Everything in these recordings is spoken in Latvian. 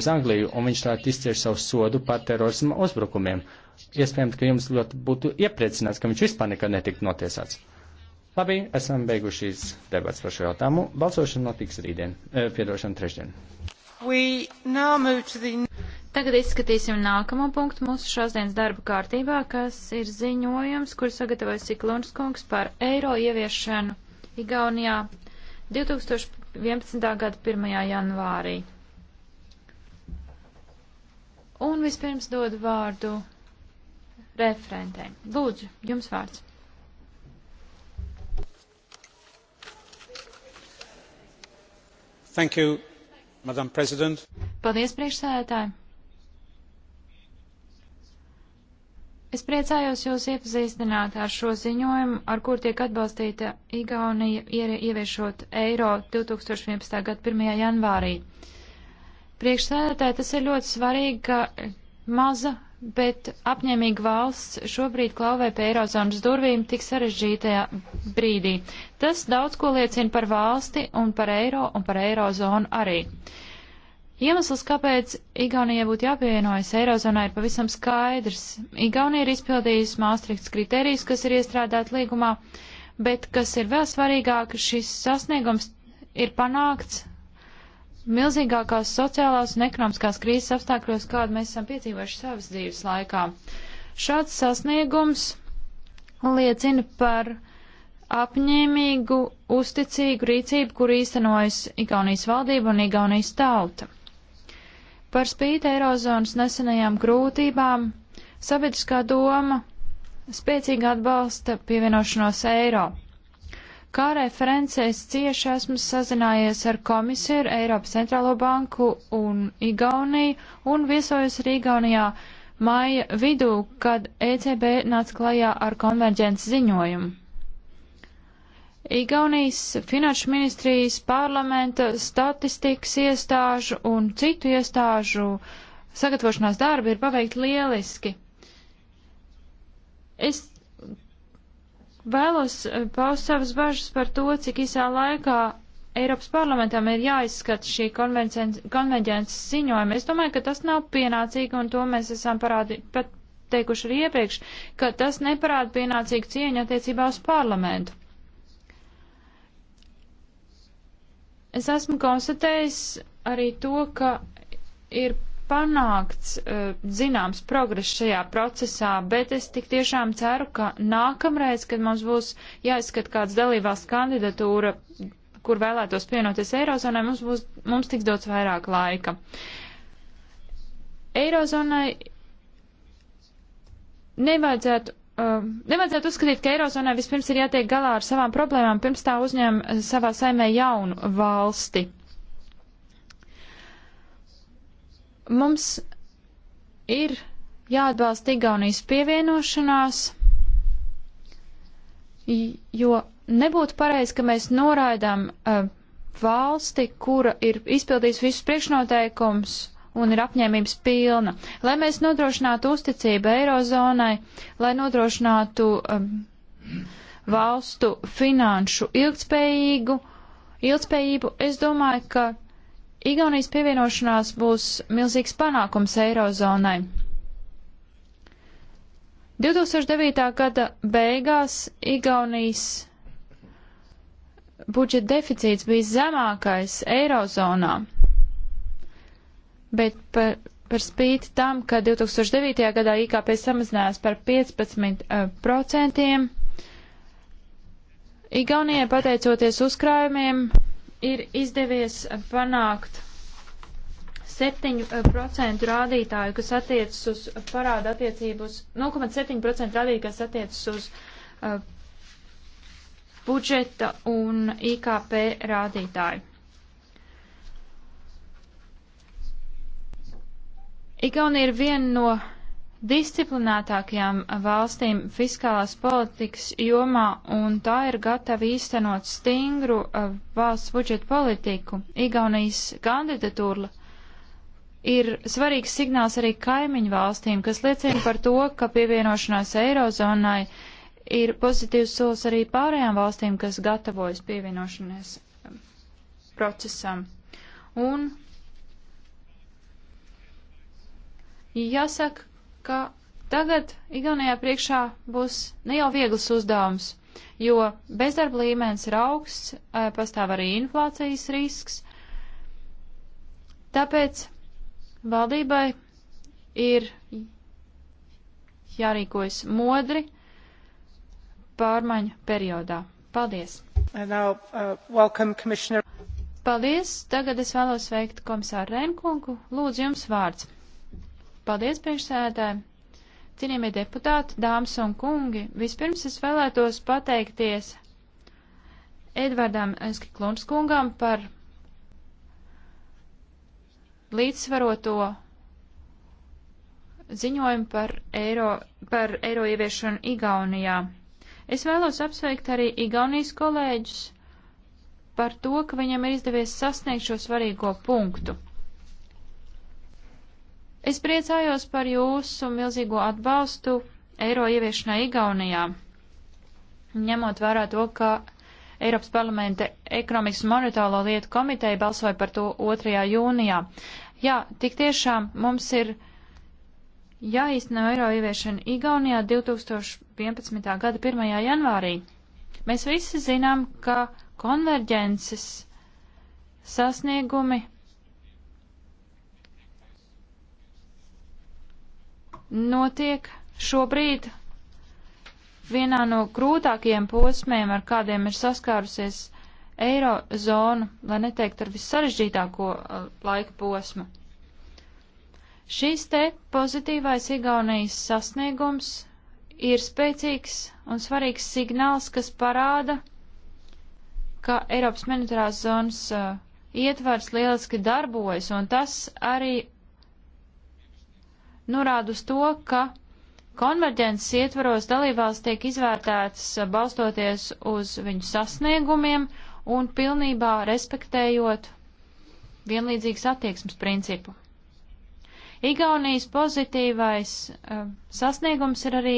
uz Angliju, un viņš tā izcieš savu sodu par terorismu uzbrukumiem. Iespējams, ka jums ļoti būtu iepriecināts, ka viņš vispār nekad netiktu notiesāts. Labi, esam beiguši šīs debats par šo jautājumu. Balsošana notiks rītdien, e, piedošana trešdien. The... Tagad izskatīsim nākamo punktu mūsu šodienas darba kārtībā, kas ir ziņojums, kur sagatavojas Siklunas kungs par eiro ieviešanu Igaunijā 2011. gada 1. janvārī. Un vispirms dodu vārdu referentē. Lūdzu, jums vārds. Thank you, Madam President. Paldies, priekšsēdētāji. Es priecājos jūs iepazīstināt ar šo ziņojumu, ar kur tiek atbalstīta Igaunija ieviešot eiro 2011. gada 1. janvārī. Priekšsēdētāji, tas ir ļoti svarīgi, ka maza, bet apņēmīga valsts šobrīd klauvē pie Eirozonas durvīm tik sarežģītajā brīdī. Tas daudz ko liecina par valsti un par Eiro un par Eirozonu arī. Iemesls, kāpēc Igaunijai būtu jāpievienojas Eirozonai, ir pavisam skaidrs. Igaunija ir izpildījusi Maastrichts kriterijus, kas ir iestrādāti līgumā, bet, kas ir vēl svarīgāk, šis sasniegums ir panākts milzīgākās sociālās un ekonomiskās krīzes apstākļos, kādu mēs esam piedzīvojuši savas dzīves laikā. Šāds sasniegums liecina par apņēmīgu, uzticīgu rīcību, kur īstenojas Igaunijas valdība un Igaunijas tauta. Par spīti Eirozonas nesenajām grūtībām sabiedriskā doma spēcīgi atbalsta pievienošanos eiro. Kā referents es cieši esmu sazinājies ar komisiju, Eiropas centrālo banku un Igauniju un viesojos arī Igaunijā maija vidū, kad ECB nāca klajā ar konverģences ziņojumu. Igaunijas finanšu ministrijas parlamenta statistikas iestāžu un citu iestāžu sagatavošanās darbi ir paveikti lieliski. Es Vēlos eh, paust savas bažas par to, cik īsā laikā Eiropas parlamentam ir jāizskata šī konvenģences ziņojuma. Es domāju, ka tas nav pienācīgi, un to mēs esam parādi, pat teikuši arī iepriekš, ka tas neparāda pienācīgu cieņu attiecībā uz parlamentu. Es esmu konstatējis arī to, ka ir panākts e, zināms progress šajā procesā, bet es tik tiešām ceru, ka nākamreiz, kad mums būs jāizskat kāds dalībās kandidatūra, kur vēlētos pienoties Eirozonai, mums, būs, mums tiks dots vairāk laika. Eirozonai nevajadzētu. Uh, nevajadzētu uzskatīt, ka Eirozonai vispirms ir jātiek galā ar savām problēmām, pirms tā uzņem savā saimē jaunu valsti. Mums ir jāatbalsta Igaunijas pievienošanās, jo nebūtu pareizi, ka mēs noraidām uh, valsti, kura ir izpildījusi visus priekšnoteikums un ir apņēmības pilna. Lai mēs nodrošinātu uzticību Eirozonai, lai nodrošinātu um, valstu finanšu ilgspējīgu, ilgspējību, es domāju, ka Igaunijas pievienošanās būs milzīgs panākums Eirozonai. 2009. gada beigās Igaunijas budžeta deficīts bija zemākais Eirozonā, bet par, par spīti tam, ka 2009. gadā IKP samazinājās par 15%, eh, Igaunijai pateicoties uzkrājumiem ir izdevies panākt 7% eh, rādītāju, kas attiecas uz parāda attiecību uz 0,7% rādītāju, kas attiecas uz uh, budžeta un IKP rādītāju. Igaunija ir viena no disciplinētākajām valstīm fiskālās politikas jomā, un tā ir gatava īstenot stingru uh, valsts budžeta politiku. Igaunijas kandidatūra ir svarīgs signāls arī kaimiņu valstīm, kas liecina par to, ka pievienošanās Eirozonai ir pozitīvs solis arī pārējām valstīm, kas gatavojas pievienošanās um, procesam. Un jāsaka, ka tagad Igaunijā priekšā būs ne jau viegls uzdevums, jo bezdarba līmenis ir augsts, e, pastāv arī inflācijas risks. Tāpēc valdībai ir jārīkojas modri pārmaiņu periodā. Paldies! Now, uh, welcome, Paldies! Tagad es vēlos veikt komisāru Renkungu. Lūdzu, jums vārds. Paldies, priekšsēdētāji! Cienījamie deputāti, dāmas un kungi, vispirms es vēlētos pateikties Edvardam Skiklunas kungam par līdzsvaroto ziņojumu par eiro, par eiro ieviešanu Igaunijā. Es vēlos apsveikt arī Igaunijas kolēģus par to, ka viņam ir izdevies sasniegt šo svarīgo punktu. Es priecājos par jūsu milzīgo atbalstu eiro ieviešanai Igaunijā, ņemot vērā to, ka Eiropas parlamenta ekonomikas monetālo lietu komiteja balsoja par to 2. jūnijā. Jā, tik tiešām mums ir jāīsteno eiro ieviešana Igaunijā 2011. gada 1. janvārī. Mēs visi zinām, ka konverģences sasniegumi notiek šobrīd vienā no grūtākajiem posmiem, ar kādiem ir saskārusies eirozona, lai neteikt ar vissarežģītāko uh, laika posmu. Šīs te pozitīvais Igaunijas sasniegums ir spēcīgs un svarīgs signāls, kas parāda, ka Eiropas monetārās zonas uh, ietvars lieliski darbojas, un tas arī norāda uz to, ka konverģences ietvaros dalībvalsts tiek izvērtētas eh, balstoties uz viņu sasniegumiem un pilnībā respektējot vienlīdzīgas attieksmes principu. Igaunijas pozitīvais uh, sasniegums ir arī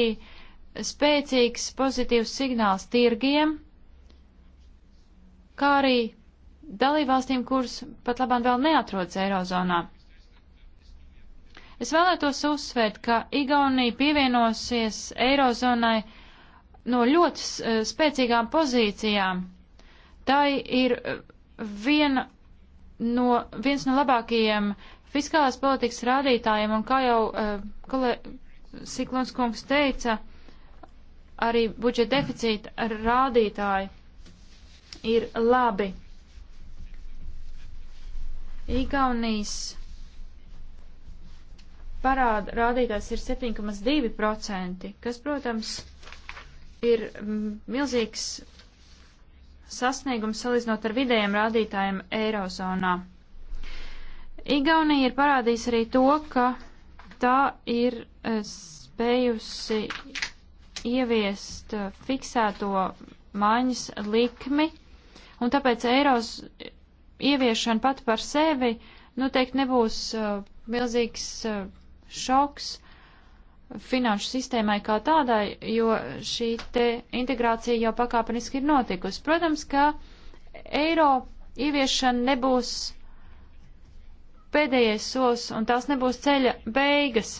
spēcīgs pozitīvs signāls tirgiem, kā arī dalībvalstīm, kuras pat labāk vēl neatrodas Eirozonā. Es vēlētos uzsvērt, ka Igaunija pievienosies Eirozonai no ļoti eh, spēcīgām pozīcijām. Tā ir eh, viena no, viens no labākajiem fiskālās politikas rādītājiem, un kā jau eh, kolē, Siklons kungs teica, arī budžeta deficīta rādītāji ir labi. Igaunijas parāda rādītājs ir 7,2%, kas, protams, ir mm, milzīgs sasniegums salīdzinot ar vidējiem rādītājiem Eirozonā. Igaunija ir parādījusi arī to, ka tā ir e, spējusi ieviest e, fiksēto maiņas likmi, un tāpēc eiros e, ieviešana pat par sevi noteikti nu, nebūs uh, milzīgs uh, šoks finanšu sistēmai kā tādai, jo šī te integrācija jau pakāpeniski ir notikusi. Protams, ka eiro ieviešana nebūs pēdējais solis un tās nebūs ceļa beigas.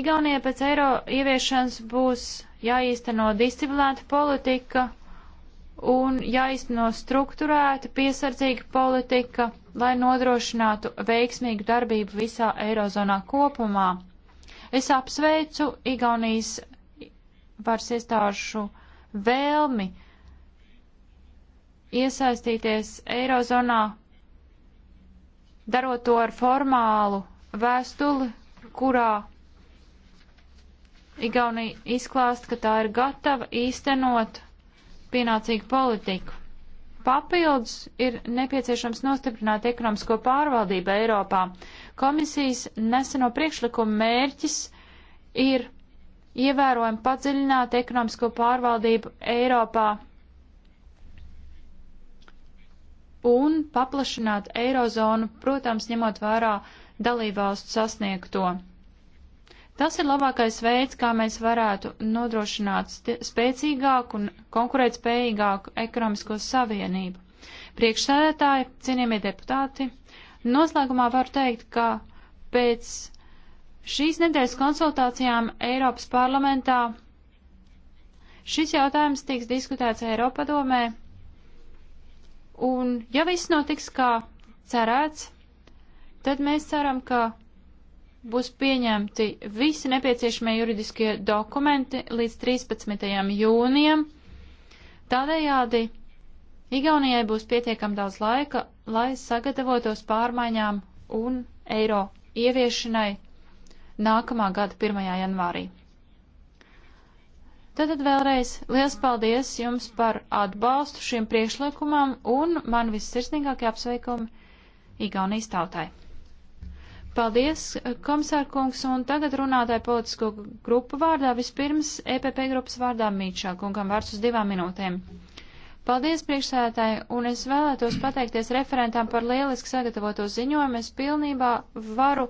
Igaunijai pēc eiro ieviešanas būs jāīsteno disciplinēta politika un jāizteno struktūrēta, piesardzīga politika, lai nodrošinātu veiksmīgu darbību visā Eirozonā kopumā. Es apsveicu Igaunijas varas iestāžu vēlmi iesaistīties Eirozonā, darot to ar formālu vēstuli, kurā Igaunija izklāst, ka tā ir gatava īstenot pienācīgu politiku. Papildus ir nepieciešams nostiprināt ekonomisko pārvaldību Eiropā. Komisijas neseno priekšlikumu mērķis ir ievērojami padziļināt ekonomisko pārvaldību Eiropā un paplašināt eirozonu, protams, ņemot vērā dalībvalstu sasniegto. Tas ir labākais veids, kā mēs varētu nodrošināt spēcīgāku un konkurētspējīgāku ekonomisko savienību. Priekšsēdētāji, cienījamie deputāti, noslēgumā varu teikt, ka pēc šīs nedēļas konsultācijām Eiropas parlamentā šis jautājums tiks diskutēts Eiropadomē, un ja viss notiks kā cerēts, tad mēs ceram, ka būs pieņemti visi nepieciešamie juridiskie dokumenti līdz 13. jūnijam. Tādējādi Igaunijai būs pietiekam daudz laika, lai sagatavotos pārmaiņām un eiro ieviešanai nākamā gada 1. janvārī. Tātad vēlreiz liels paldies jums par atbalstu šiem priekšlikumam un man vissirsnīgākie apsveikumi Igaunijas tautai. Paldies, komisārkungs, un tagad runātāja politisko grupu vārdā vispirms EPP grupas vārdā Mīčā kungam vārds uz divām minūtēm. Paldies, priekšsēdētāji, un es vēlētos pateikties referentām par lieliski sagatavoto ziņojumu. Es pilnībā varu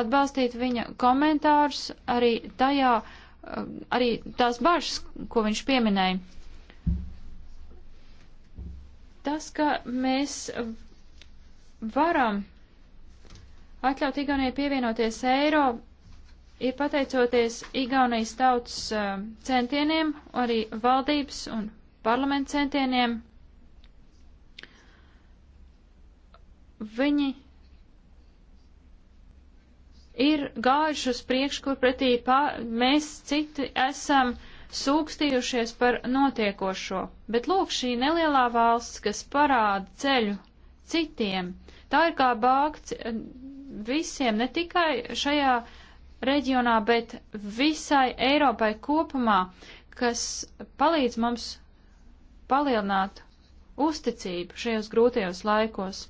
atbalstīt viņa komentārus arī tajā, arī tās bažas, ko viņš pieminēja. Tas, ka mēs varam atļaut Igaunijai pievienoties eiro ir pateicoties Igaunijas tautas um, centieniem, arī valdības un parlamenta centieniem. Viņi ir gājuši uz priekšu, kur pretī pār, mēs citi esam sūkstījušies par notiekošo. Bet lūk, šī nelielā valsts, kas parāda ceļu citiem, tā ir kā bāgts visiem, ne tikai šajā reģionā, bet visai Eiropai kopumā, kas palīdz mums palielināt uzticību šajos grūtajos laikos.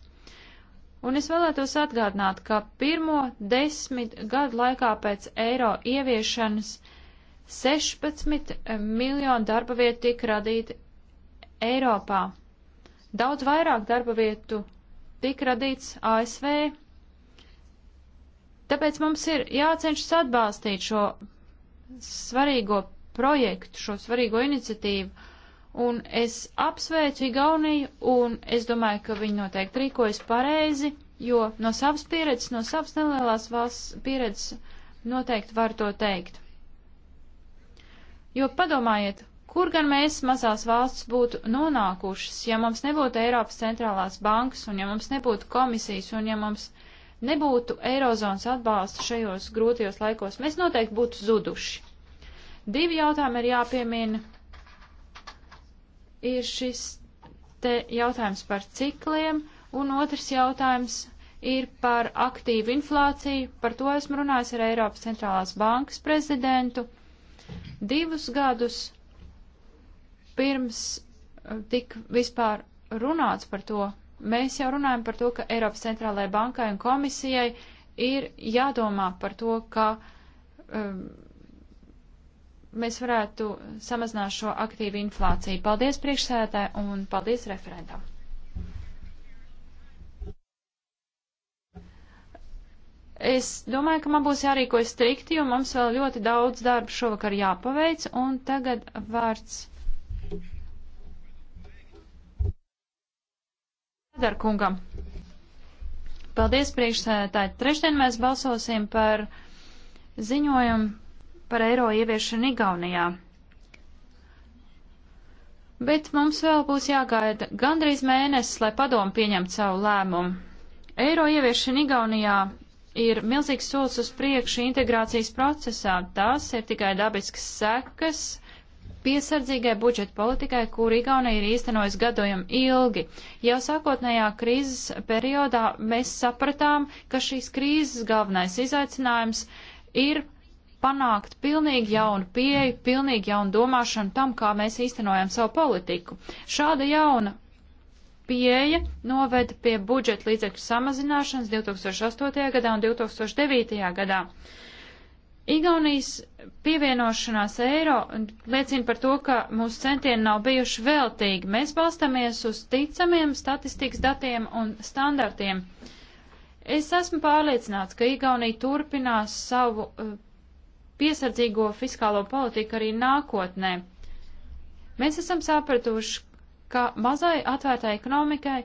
Un es vēlētos atgādināt, ka pirmo desmit gadu laikā pēc eiro ieviešanas 16 miljonu darba vietu tika radīti Eiropā. Daudz vairāk darba vietu tika radīts ASV, Tāpēc mums ir jācenšas atbalstīt šo svarīgo projektu, šo svarīgo iniciatīvu, un es apsveicu Igauniju, un es domāju, ka viņi noteikti rīkojas pareizi, jo no savas pieredzes, no savas nelielās valsts pieredzes noteikti var to teikt. Jo padomājiet, kur gan mēs mazās valsts būtu nonākušas, ja mums nebūtu Eiropas centrālās bankas, un ja mums nebūtu komisijas, un ja mums nebūtu nebūtu Eirozonas atbalsta šajos grūtajos laikos, mēs noteikti būtu zuduši. Divi jautājumi ir jāpiemina. Ir šis te jautājums par cikliem, un otrs jautājums ir par aktīvu inflāciju. Par to esmu runājis ar Eiropas centrālās bankas prezidentu divus gadus pirms eh, tik vispār runāts par to, Mēs jau runājam par to, ka Eiropas centrālajai bankai un komisijai ir jādomā par to, ka um, mēs varētu samazināt šo aktīvu inflāciju. Paldies priekšsēdētāji un paldies referentam. Es domāju, ka man būs jārīkojas strikti, jo mums vēl ļoti daudz darba šovakar jāpaveic, un tagad vārds Darkungam. Paldies, priekšsēdētāji. Trešdien mēs balsosim par ziņojumu par eiro ieviešanu Igaunijā. Bet mums vēl būs jāgaida gandrīz mēnesis, lai padomu pieņemtu savu lēmumu. Eiro ieviešana Igaunijā ir milzīgs solis uz priekšu integrācijas procesā. Tās ir tikai dabiskas sekas piesardzīgai budžeta politikai, kur Igaunija ir īstenojis gadojam ilgi. Jau sākotnējā krīzes periodā mēs sapratām, ka šīs krīzes galvenais izaicinājums ir panākt pilnīgi jaunu pieeju, pilnīgi jaunu domāšanu tam, kā mēs īstenojam savu politiku. Šāda jauna pieeja noveda pie budžeta līdzekļu samazināšanas 2008. gadā un 2009. gadā. Igaunijas pievienošanās eiro liecina par to, ka mūsu centieni nav bijuši veltīgi. Mēs balstamies uz ticamiem statistikas datiem un standartiem. Es esmu pārliecināts, ka Igaunija turpinās savu uh, piesardzīgo fiskālo politiku arī nākotnē. Mēs esam sapratuši, ka mazai atvērtai ekonomikai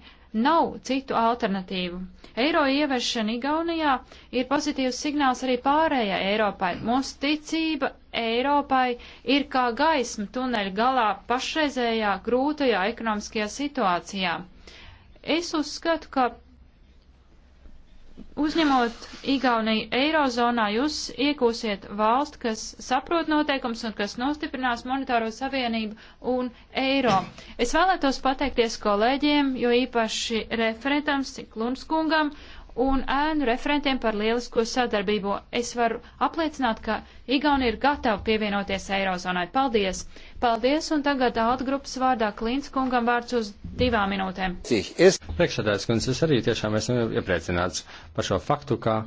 nav citu alternatīvu. Eiro ieviešana Igaunijā ir pozitīvs signāls arī pārējai Eiropai. Mūsu ticība Eiropai ir kā gaisma tuneļa galā pašreizējā grūtajā ekonomiskajā situācijā. Es uzskatu, ka Uzņemot Igauniju Eirozonā, jūs iegūsiet valsti, kas saprot noteikums un kas nostiprinās monetāro savienību un eiro. Es vēlētos pateikties kolēģiem, jo īpaši referentam Sikluns kungam un ēnu referentiem par lielisko sadarbību. Es varu apliecināt, ka Igauni ir gatava pievienoties Eirozonai. Paldies! Paldies, un tagad atgrupas vārdā Klīns kungam vārds uz divām minūtēm. Priekšsēdājs kundze, es arī tiešām esmu iepriecināts par šo faktu, ka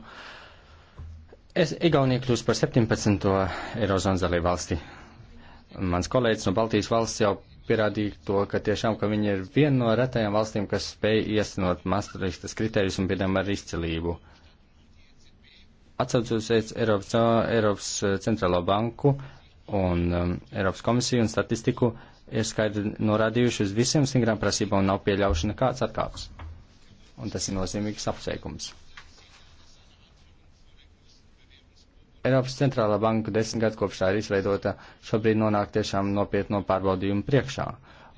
es Igaunija kļūst par 17. Eirozonas dalību valsti. Mans kolēģis no Baltijas valsts jau pierādīja to, ka tiešām, ka viņi ir viena no retajām valstīm, kas spēj iesinot masteristas kriterijus un piedām ar izcilību. Atcaucos uz Eiropas, Eiropas centrālo banku un um, Eiropas komisiju un statistiku ir skaidri norādījuši uz visiem stingrām prasībām un nav pieļaušana kāds atkāps. Un tas ir nozīmīgs apsveikums. Eiropas centrālā banka desmit gadu kopš tā ir izveidota, šobrīd nonāk tiešām nopietno pārbaudījumu priekšā.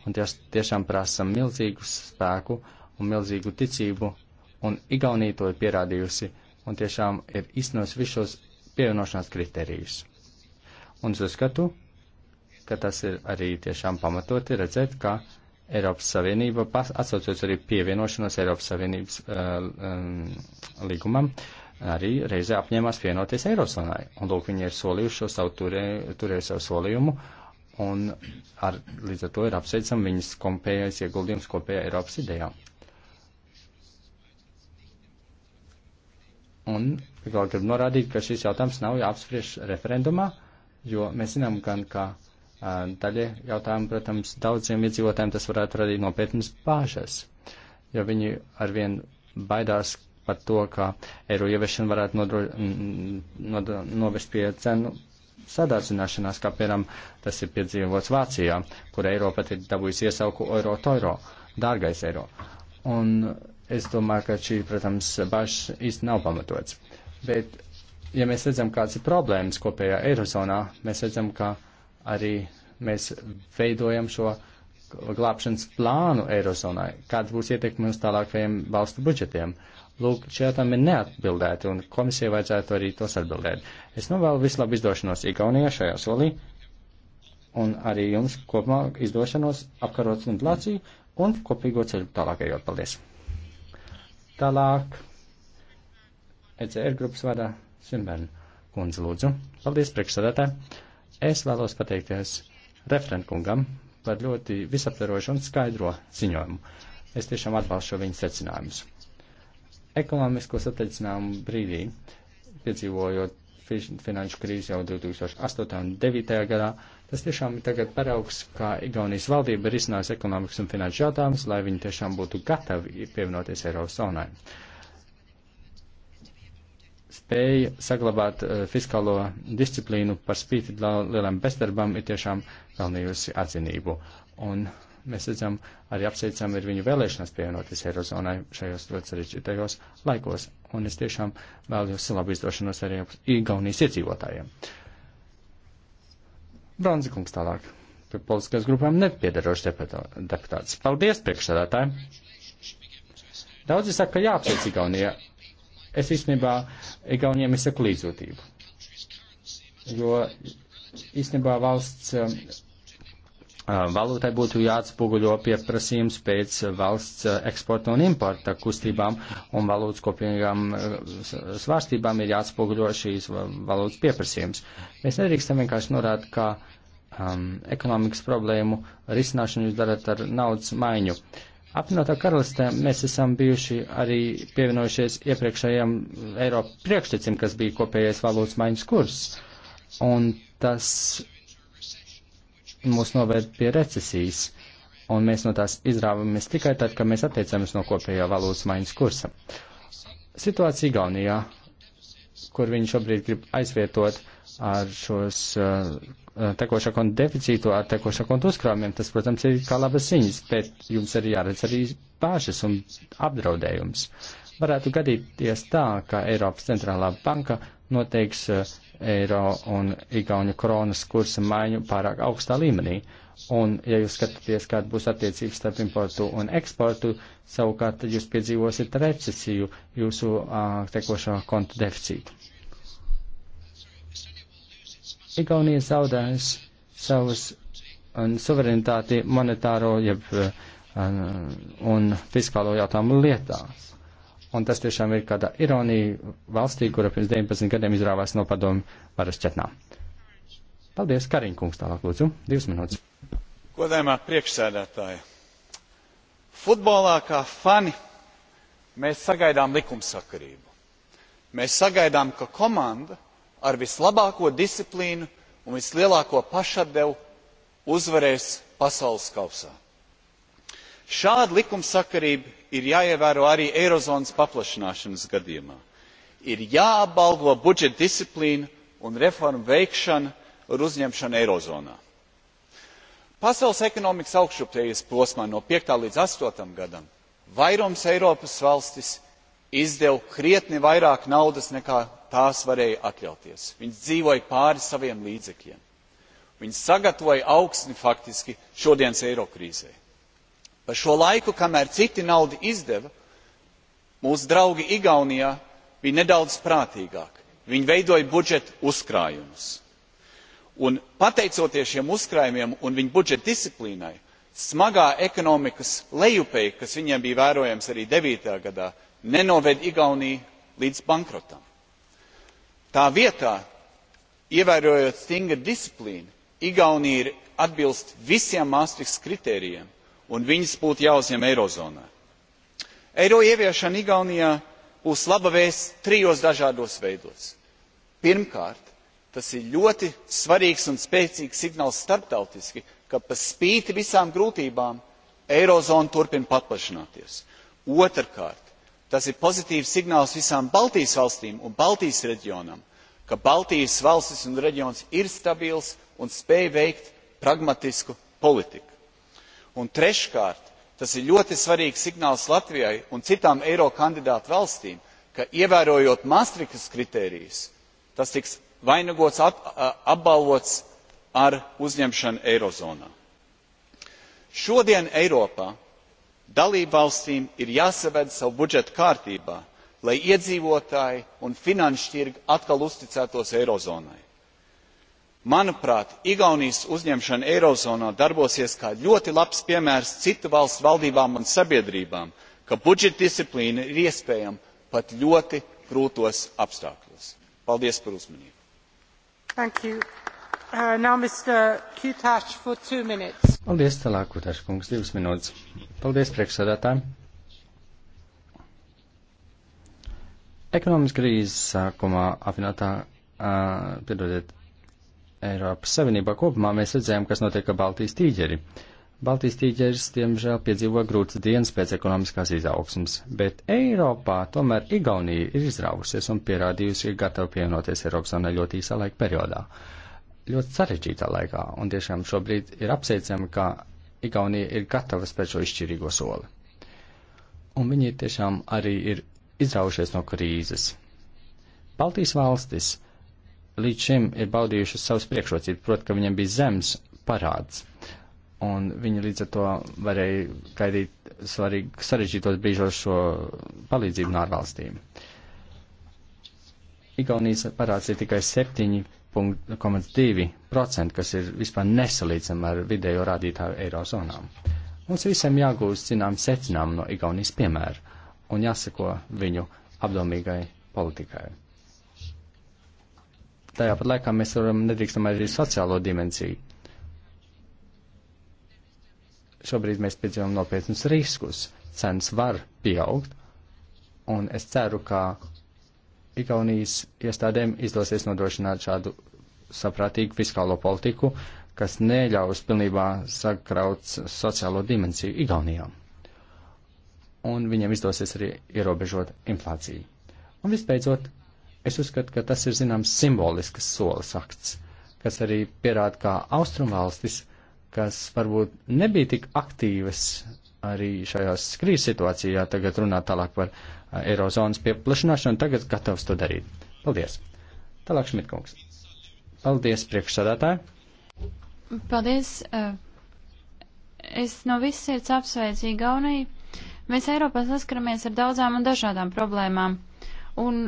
Un tas tiešām prasa milzīgu spēku un milzīgu ticību, un Igaunija to ir pierādījusi, un tiešām ir iznos visos pievienošanās kriterijus. Un es uzskatu, ka tas ir arī tiešām pamatoti redzēt, ka Eiropas Savienība, atsaucoties arī pievienošanos Eiropas Savienības uh, um, līgumam, uh, arī reizē apņēmās pienoties Eirozonai. Un lūk, viņi ir solījuši šo savu turē, turēju savu solījumu, un ar, līdz ar to ir apsveicam viņas kopējais ieguldījums kopējā Eiropas idejā. Un vēl gribu norādīt, ka šis jautājums nav jāapspriež referendumā, jo mēs zinām gan, ka daļa jautājumu, protams, daudziem iedzīvotājiem tas varētu radīt nopietnas bāžas, jo viņi arvien baidās, par to, ka eiro ieviešana varētu nodro, nodro, novest pie cenu sadārdzināšanās, kā piemēram tas ir piedzīvots Vācijā, kur eiro pat ir dabūjis iesauku eiro toiro, dārgais eiro. Un es domāju, ka šī, protams, bažas īsti nav pamatots. Bet, ja mēs redzam, kāds ir problēmas kopējā eirozonā, mēs redzam, ka arī mēs veidojam šo glābšanas plānu eirozonai, kāds būs ietekme uz tālākajiem valstu budžetiem. Lūk, šie jautājumi ir neatbildēti, un komisija vajadzētu arī tos atbildēt. Es novēlu nu vislabu izdošanos Igaunijā šajā solī, un arī jums kopumā izdošanos apkarot inflāciju un kopīgo ceļu tālākajot. Paldies! Tālāk, ECR grupas vada Simbērna kundze lūdzu. Paldies, priekšsādātāji! Es vēlos pateikties referentkungam par ļoti visaptverošu un skaidro ziņojumu. Es tiešām atbalstu viņa secinājumus ekonomisko satricinājumu brīdī, piedzīvojot finanšu krīzi jau 2008. un 2009. gadā, tas tiešām ir tagad paraugs, kā Igaunijas valdība ir izcinājusi ekonomikas un finanšu jautājumus, lai viņi tiešām būtu gatavi pievienoties Eiropas zonai. Spēja saglabāt uh, fiskālo disciplīnu par spīti lielām bezdarbam ir tiešām pelnījusi atzinību. Un mēs redzam, arī apsveicam ir viņu vēlēšanās pievienoties Eirozonai šajos ļoti sarežģītajos laikos. Un es tiešām vēlu jūs labu izdošanos arī Igaunijas iedzīvotājiem. Bronzi kungs tālāk. Pie politiskās grupām nepiedarošs deputāts. Paldies, priekšsādātāji! Daudzi saka, ka jāapsveic Igaunija. Es īstenībā Igauniem es saku līdzjūtību. Jo īstenībā valsts um, Uh, valūtai būtu jāatspoguļo pieprasījums pēc valsts uh, eksporta un importa kustībām, un valūtas kopīgām uh, svārstībām ir jāatspoguļo šīs valūtas pieprasījums. Mēs nedrīkstam vienkārši norādīt, ka um, ekonomikas problēmu risināšanu jūs darat ar naudas maiņu. Apvienotā karalistē mēs esam bijuši arī pievienojušies iepriekšējiem Eiropas priekštecim, kas bija kopējais valūtas maiņas kurs. Un tas mūs novērt pie recesijas, un mēs no tās izrāvamies tikai tad, kad mēs attiecamies no kopējā valūtas maiņas kursa. Situācija Igaunijā, kur viņi šobrīd grib aizvietot ar šos uh, uh, tekošā konta deficītu, ar tekošā konta uzkrājumiem, tas, protams, ir kā labas ziņas, bet jums arī jāredz arī bāžas un apdraudējums. Varētu gadīties tā, ka Eiropas centrālā banka noteiks eh, eiro un igauņu kronas kursa maiņu pārāk augstā līmenī. Un, ja jūs skatāties, kāda būs attiecības starp importu un eksportu, savukārt tad jūs piedzīvosiet recesiju jūsu uh, tekošā konta deficītu. Igaunija zaudēs savus un, suverenitāti monetāro jeb, un, un fiskālo jautājumu lietās. Un tas tiešām ir kāda ironija valstī, kura pirms 19 gadiem izrāvās no padomu varas četnām. Paldies, Kariņkungs, tālāk lūdzu. Divas minūtes. Godējumā priekšsēdētāji. Futbolā kā fani mēs sagaidām likumsakarību. Mēs sagaidām, ka komanda ar vislabāko disciplīnu un vislielāko pašatdevu uzvarēs pasaules kausā šāda likumsakarība ir jāievēro arī eirozonas paplašināšanas gadījumā ir jāapbalvo budžeta disciplīna un reformu veikšana un uzņemšana eirozonā. pasaules ekonomikas augšupejas posmā no. five līdz. eight gadam vairums eiropas valstis izdeva krietni vairāk naudas nekā tās varēja atļauties. viņas dzīvoja pāri saviem līdzekļiem. viņas sagatavoja augsni faktiski šodienas eiro krīzei par šo laiku kamēr citi naudu izdeva mūsu draugi igaunijā bija nedaudz prātīgāki viņi veidoja budžeta uzkrājumus un pateicoties šiem uzkrājumiem un viņu budžeta disciplīnai smagā ekonomikas lejupeja kas viņiem bija vērojama arī devītajā gadā nenoveda igauniju līdz bankrotam. tā vietā ievērojot stingru disciplīnu igaunija atbilst visiem maastrichtas kritērijiem un viņas būtu jāuzņem eirozonā. eiro ieviešana igaunijā būs laba vēsts trijos dažādos veidos. pirmkārt tas ir ļoti svarīgs un spēcīgs signāls starptautiski ka par spīti visām grūtībām eirozona turpina paplašināties. otrkārt tas ir pozitīvs signāls visām baltijas valstīm un baltijas reģionam ka baltijas valstis un reģions ir stabils un spēj veikt pragmatisku politiku un treškārt tas ir ļoti svarīgs signāls latvijai un citām euro kandidātu valstīm ka ievērojot maastrichtas kritērijus tas tiks vainagots apbalvots ar uzņemšanu eirozonā. šodien eiropā dalībvalstīm ir jāsaved savi budžeti kārtībā lai iedzīvotāji un finanšu tirgi atkal uzticētos eirozonai manuprāt igaunijas uzņemšana eirozonā darbosies kā ļoti labs piemērs citu valstu valdībām un sabiedrībām ka budžetdisciplīna ir iespējama pat ļoti grūtos apstākļos. paldies par uzmanību! Uh, now, paldies, tālāk, Kutaš kungs, divas minūtes. Paldies, priekšsādātāji. Ekonomikas krīzes sākumā apvienotā, uh, piedodiet, Eiropas Savienībā kopumā mēs redzējām, kas notiek ar Baltijas tīģeri. Baltijas tīģeris, diemžēl, piedzīvo grūtas dienas pēc ekonomiskās izaugsmas, bet Eiropā tomēr Igaunija ir izrāvusies un pierādījusi, ir gatava pievienoties Eiropas zonai ļoti īsā laika periodā. Ļoti sarežģītā laikā, un tiešām šobrīd ir apsveicami, ka Igaunija ir gatava spēt šo izšķirīgo soli. Un viņi tiešām arī ir izraujušies no krīzes. Baltijas valstis līdz šim ir baudījušas savas priekšrocības, proti, ka viņiem bija zemes parāds. Un viņi līdz ar to varēja gaidīt svarīgi sarežģītos brīžos šo palīdzību no ārvalstīm. Igaunijas parāds ir tikai 7,2%, kas ir vispār nesalīdzam ar vidējo rādītāju eirozonām. Mums visiem jāgūst zinām secinām no Igaunijas piemēra un jāsako viņu apdomīgai politikai tajā pat laikā mēs varam nedrīkstam arī sociālo dimensiju. Šobrīd mēs piedzīvojam nopietnus riskus. Cenas var pieaugt, un es ceru, ka Igaunijas iestādēm izdosies nodrošināt šādu saprātīgu fiskālo politiku, kas neļaus pilnībā sakraut sociālo dimensiju Igaunijā. Un viņiem izdosies arī ierobežot inflāciju. Un visbeidzot, Es uzskatu, ka tas ir zināms simbolisks solis akts, kas arī pierāda, kā austrumvalstis, kas varbūt nebija tik aktīvas arī šajās krīzes situācijā, tagad runā tālāk par Eirozonas pieplašināšanu, tagad gatavs to darīt. Paldies! Tālāk Šmitkungs. Paldies, priekšsādātāji! Paldies! Es no viss sirds apsveicu Igauniju. Mēs Eiropā saskaramies ar daudzām un dažādām problēmām. Un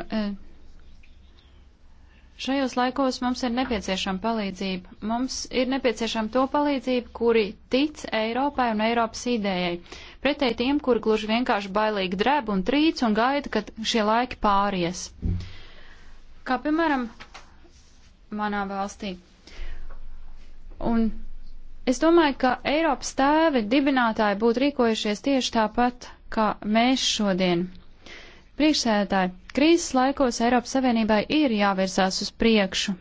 Šajos laikos mums ir nepieciešama palīdzība. Mums ir nepieciešama to palīdzību, kuri tic Eiropai un Eiropas idejai. Pretēji tiem, kuri gluži vienkārši bailīgi dreb un trīc un gaida, kad šie laiki pāries. Kā piemēram, manā valstī. Un Es domāju, ka Eiropas tēvi, dibinātāji būtu rīkojušies tieši tāpat, kā mēs šodien. Priekšsēdētāji, krīzes laikos Eiropas Savienībai ir jāvirzās uz priekšu,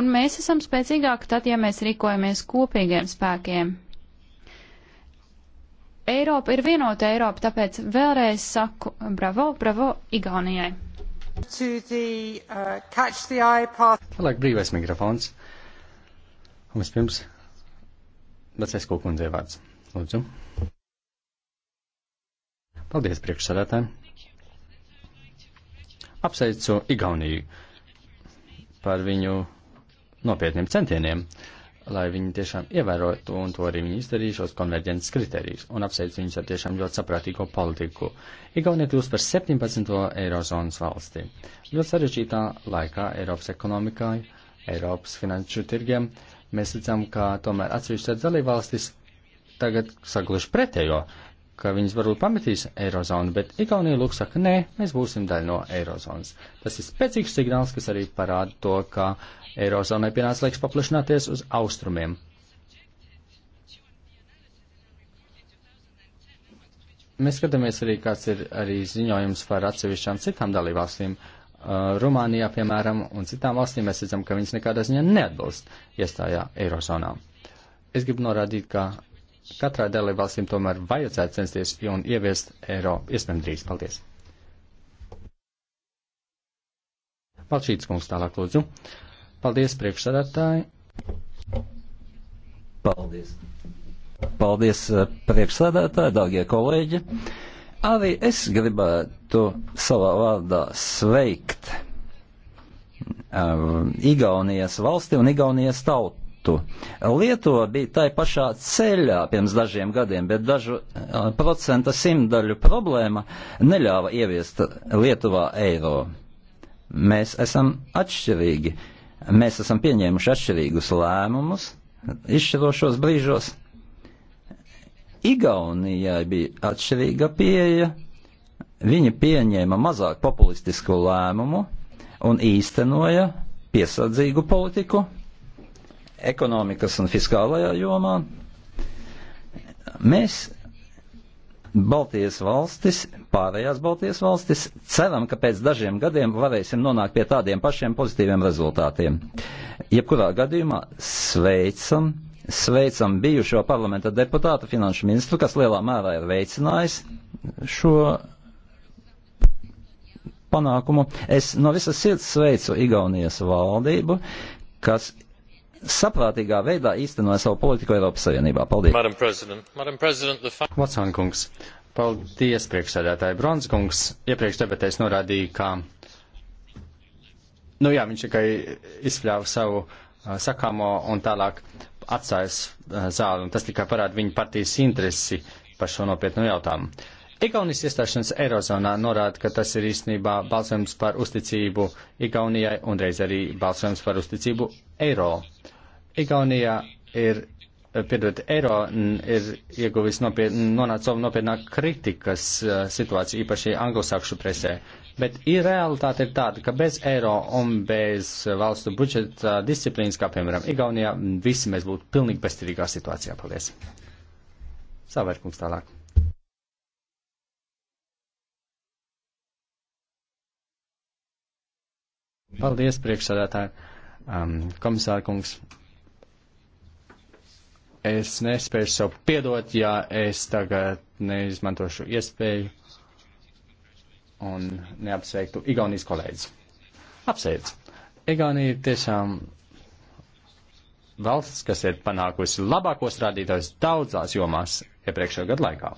un mēs esam spēcīgāki tad, ja mēs rīkojamies kopīgiem spēkiem. Eiropa ir vienota Eiropa, tāpēc vēlreiz saku bravo, bravo Igaunijai. The, uh, Tālāk brīvais mikrofons. Un vispirms vecais kūkundzē vārds. Lūdzu. Paldies priekšsādātājiem apsveicu Igauniju par viņu nopietniem centieniem, lai viņi tiešām ievērotu un to arī viņi izdarīšos konverģences kriterijus un apsveicu viņus ar tiešām ļoti saprātīgo politiku. Igaunija kļūst par 17. eirozonas valsti. Ļoti sarežģītā laikā Eiropas ekonomikai, Eiropas finanšu tirgiem mēs redzam, ka tomēr atsevišķas dalībvalstis tagad sagluž pretējo. Uh, ka viņas varbūt pametīs Eirozonu, bet Igaunija lūk saka, nē, mēs būsim daļa no Eirozonas. Tas ir spēcīgs signāls, kas arī parāda to, ka Eirozonai pienāca laiks paplašināties uz austrumiem. Mēs skatāmies arī, kāds ir arī ziņojums par atsevišķām citām dalībvalstīm. Uh, Rumānijā, piemēram, un citām valstīm mēs redzam, ka viņas nekādā ziņā neatbilst iestājā Eirozonā. Es gribu norādīt, ka katrā dalībvalstīm tomēr vajadzētu censties un ieviest eiro iespējami drīz. Paldies! Palčīts kungs tālāk lūdzu. Paldies priekšsēdētāji. Paldies. Paldies eh, priekšsēdētāji, dārgie kolēģi. Arī es gribētu savā vārdā sveikt um, Igaunijas valsti un Igaunijas tautu citu. Lietuva bija tai pašā ceļā pirms dažiem gadiem, bet dažu procenta simtdaļu problēma neļāva ieviest Lietuvā eiro. Mēs esam atšķirīgi. Mēs esam pieņēmuši atšķirīgus lēmumus izšķirošos brīžos. Igaunijai bija atšķirīga pieeja. Viņa pieņēma mazāk populistisku lēmumu un īstenoja piesardzīgu politiku ekonomikas un fiskālajā jomā, mēs, Baltijas valstis, pārējās Baltijas valstis, ceram, ka pēc dažiem gadiem varēsim nonākt pie tādiem pašiem pozitīviem rezultātiem. Jebkurā gadījumā sveicam, sveicam bijušo parlamenta deputātu finanšu ministru, kas lielā mērā ir veicinājis šo panākumu. Es no visas sirds sveicu Igaunijas valdību, kas saprātīgā veidā īstenoja savu politiku Eiropas Savienībā. Paldies! Madam President, Madam President, the... Watson kungs, paldies priekšsēdētāji Brons kungs. Iepriekš debatēs norādīja, ka, nu jā, viņš tikai izfļāva savu uh, sakāmo un tālāk atstājas uh, zāli, un tas tikai parāda viņa partijas interesi par šo nopietnu jautājumu. Igaunijas iestāšanās Eirozonā norāda, ka tas ir īstenībā balsojums par uzticību Igaunijai un reiz arī balsojums par uzticību Eiro Igaunijā ir, eh, piedod, eiro ir ieguvis nopietni, nonāca nopietnā kritikas eh, situācija, īpaši anglosakšu presē. Bet ir realitāte ir tāda, ka bez eiro un bez valstu budžeta disciplīnas, kā piemēram Igaunijā, visi mēs būtu pilnīgi pestīgā situācijā. Paldies! Savērkums tālāk. Paldies, priekšsādātāji, um, komisārkungs es nespēšu sev piedot, ja es tagad neizmantošu iespēju un neapsveiktu Igaunijas kolēģis. Apsveic! Igaunija ir tiešām valsts, kas ir panākusi labākos rādītājus daudzās jomās iepriekšējā gadu laikā.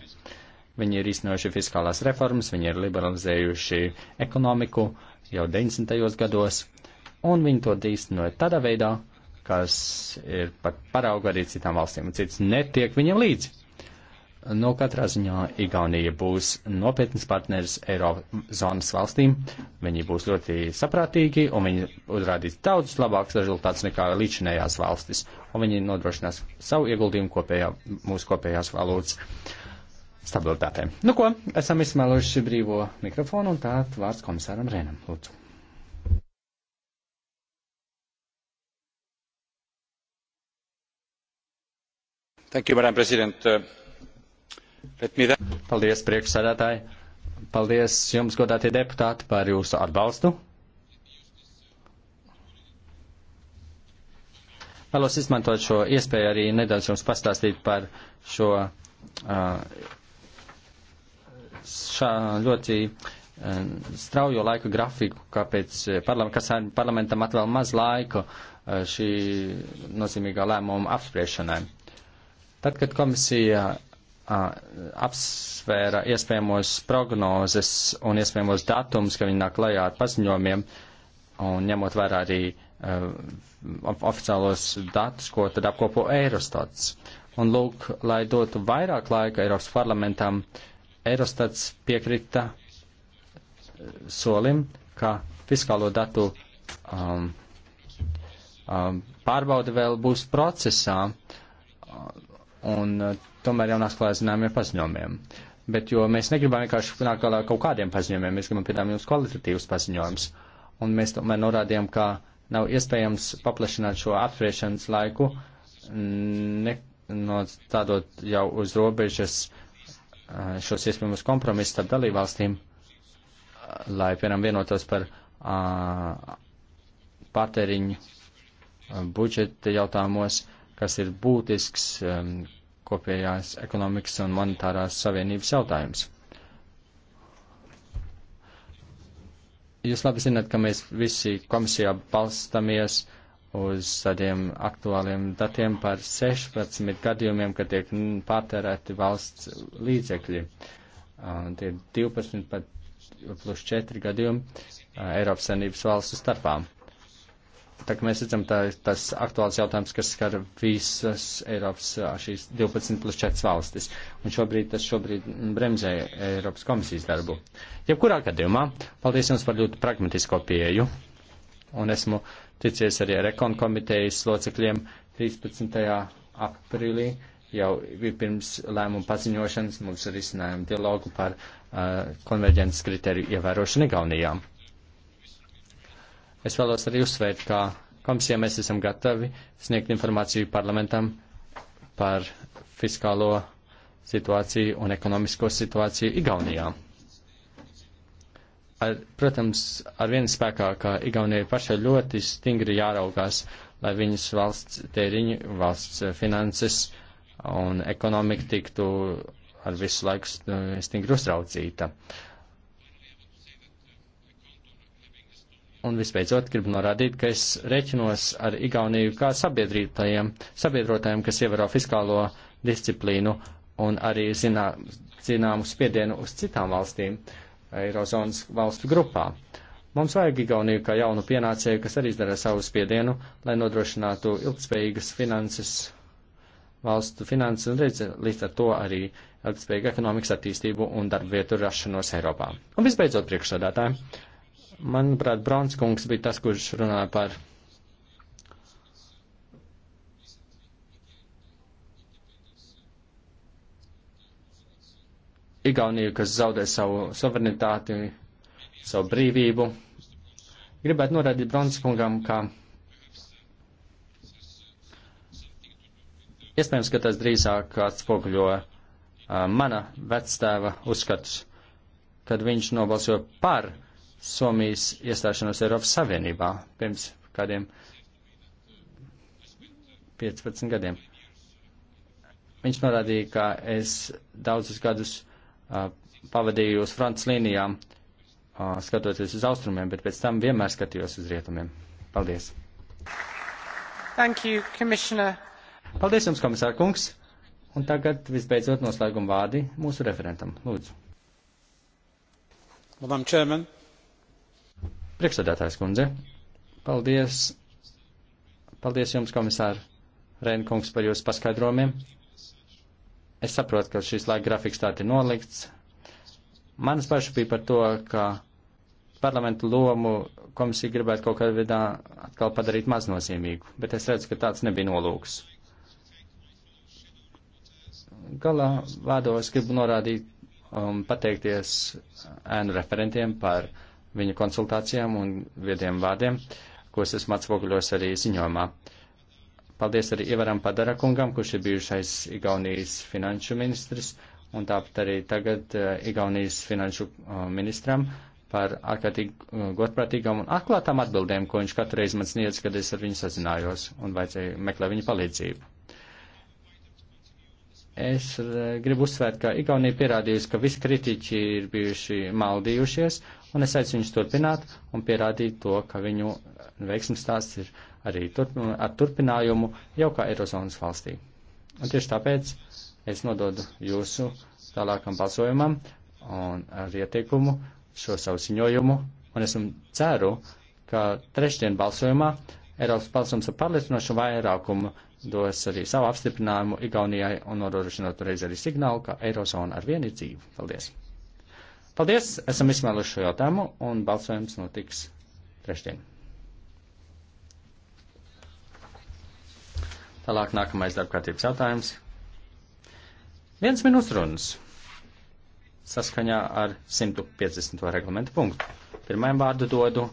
Viņi ir iznojuši fiskālās reformas, viņi ir liberalizējuši ekonomiku jau 90. gados, un viņi to īstenoja tādā veidā, kas ir par paraugu arī citām valstīm, un cits netiek viņam līdzi. No nu, katrā ziņā Igaunija būs nopietnas partneris Eirozonas valstīm. Viņi būs ļoti saprātīgi un viņi uzrādīs daudz labāks rezultāts nekā līdzinējās valstis. Un viņi nodrošinās savu ieguldījumu kopējā, mūsu kopējās valūtas stabilitātēm. Nu ko, esam izsmēluši brīvo mikrofonu un tā vārds komisāram Rēnam. Lūdzu. Uh, Paldies, priekšsēdētāji. Paldies jums, godātie deputāti, par jūsu atbalstu. Vēlos izmantot šo iespēju arī nedaudz jums pastāstīt par šo uh, šā ļoti uh, straujo laiku grafiku, kāpēc parlament, kas parlamentam atvēl maz laiku šī nozīmīgā lēmuma apspriešanai. Tad, kad komisija apsvēra iespējamos prognozes un iespējamos datums, ka viņi nāk lajā ar paziņojumiem un ņemot vērā arī uh, oficiālos datus, ko tad apkopo Eirostats. Un lūk, lai dotu vairāk laika Eiropas parlamentam, Eirostats piekrita solim, ka fiskālo datu um, um, pārbaude vēl būs procesā. Uh, un eh, tomēr jānāsklāj zināmiem paziņojumiem. Bet jo mēs negribam vienkārši nākt galā kaut kādiem paziņojumiem, mēs gribam piedāvāt jums kvalitatīvus paziņojumus. Un mēs tomēr norādījām, ka nav iespējams paplašināt šo apspriešanas laiku, mm, ne, no tādot jau uz robežas eh, šos iespējamos kompromisus starp dalībvalstīm, eh, lai, piemēram, vienotos par a, patēriņu budžeta jautājumos. A, kas ir būtisks um, kopējās ekonomikas un monetārās savienības jautājums. Jūs labi zināt, ka mēs visi komisijā balstamies uz tādiem aktuāliem datiem par 16 gadījumiem, kad tiek patērēti valsts līdzekļi. Un uh, tie ir 12 pat plus 4 gadījumi uh, Eiropas Sanības valstu starpām. Tā kā mēs redzam, tā, tas aktuāls jautājums, kas skar visas Eiropas šīs 12 plus 4 valstis. Un šobrīd tas šobrīd bremzē Eiropas komisijas darbu. Jebkurā gadījumā, paldies jums par ļoti pragmatisko pieeju. Un esmu ticies arī ar ekon komitejas locekļiem 13. aprīlī. Jau pirms lēmuma paziņošanas mums ir izcinājumi dialogu par uh, konverģences kriteriju ievērošanu Igaunijām. Es vēlos arī uzsvērt, ka komisijā mēs esam gatavi sniegt informāciju parlamentam par fiskālo situāciju un ekonomisko situāciju Igaunijā. Ar, protams, ar vienu spēkā, ka Igaunijai pašai ļoti stingri jāraugās, lai viņas valsts tēriņi, valsts finanses un ekonomika tiktu ar visu laiku stingri uzraucīta. Uh, Un visbeidzot, gribu norādīt, ka es reķinos ar Igauniju kā sabiedrītājiem, sabiedrotājiem, kas ievēro fiskālo disciplīnu un arī zinā, zināmu spiedienu uz citām valstīm Eirozonas valstu grupā. Mums vajag Igauniju kā jaunu pienācēju, kas arī izdara savu spiedienu, lai nodrošinātu ilgspējīgas finanses, valstu finanses un redz, līdz ar to arī ilgspējīgu ekonomikas attīstību un darba vietu rašanos Eiropā. Un visbeidzot, priekšsādātāji, Manuprāt, Bronskungs bija tas, kurš runāja par Igauniju, kas zaudē savu suverenitāti, savu brīvību. Gribētu norādīt Bronskungam, ka iespējams, ka tas drīzāk atspoguļo uh, mana vectēva uzskatus, kad viņš nobalsoja par Somijas iestāšanos Eiropas Savienībā pirms kādiem 15 gadiem. Viņš norādīja, ka es daudzus gadus uh, pavadīju uz fronts līnijām, uh, skatoties uz austrumiem, bet pēc tam vienmēr skatījos uz rietumiem. Paldies! Thank you, Paldies jums, komisār kungs! Un tagad visbeidzot noslēguma vārdi mūsu referentam. Lūdzu. Madam Chairman, Priekšsēdētājs kundze, paldies. Paldies jums, komisār Rēnkungs, par jūsu paskaidrojumiem. Es saprotu, ka šis laika grafiks tā ir nolikts. Manas pašas bija par to, ka parlamentu lomu komisija gribētu kaut kādā veidā atkal padarīt maznozīmīgu, bet es redzu, ka tāds nebija nolūks. Galā vārdos gribu norādīt un um, pateikties ēnu referentiem par viņa konsultācijām un viediem vārdiem, ko es esmu atspoguļos arī ziņojumā. Paldies arī Ivaram Padarakungam, kurš ir bijušais Igaunijas finanšu ministrs, un tāpat arī tagad eh, Igaunijas finanšu eh, ministram par ārkārtīgi eh, godprātīgām un atklātām atbildēm, ko viņš katru reizi man sniedz, kad es ar viņu sazinājos un vajadzēja meklēt viņa palīdzību. Es eh, gribu uzsvērt, ka Igaunija pierādījusi, ka visi kritiķi ir bijuši maldījušies, un es aicinu viņus turpināt un pierādīt to, ka viņu veiksmes stāsts ir arī turp, ar turpinājumu jau kā Eirozonas valstī. Un tieši tāpēc es nododu jūsu tālākam balsojumam un ar ieteikumu šo savu ziņojumu, un es ceru, ka trešdien balsojumā Eiropas balsums ar pārliecinošu vairākumu dos arī savu apstiprinājumu Igaunijai un nodrošinot reiz arī signālu, ka Eirozona ar vienu ir dzīva. Paldies! Paldies! Esam izsmēluši šo jautājumu un balsojums notiks trešdien. Tālāk nākamais darbkārtības jautājums. Viens minūtes runas saskaņā ar 150. reglamentu punktu. Pirmajam vārdu dodu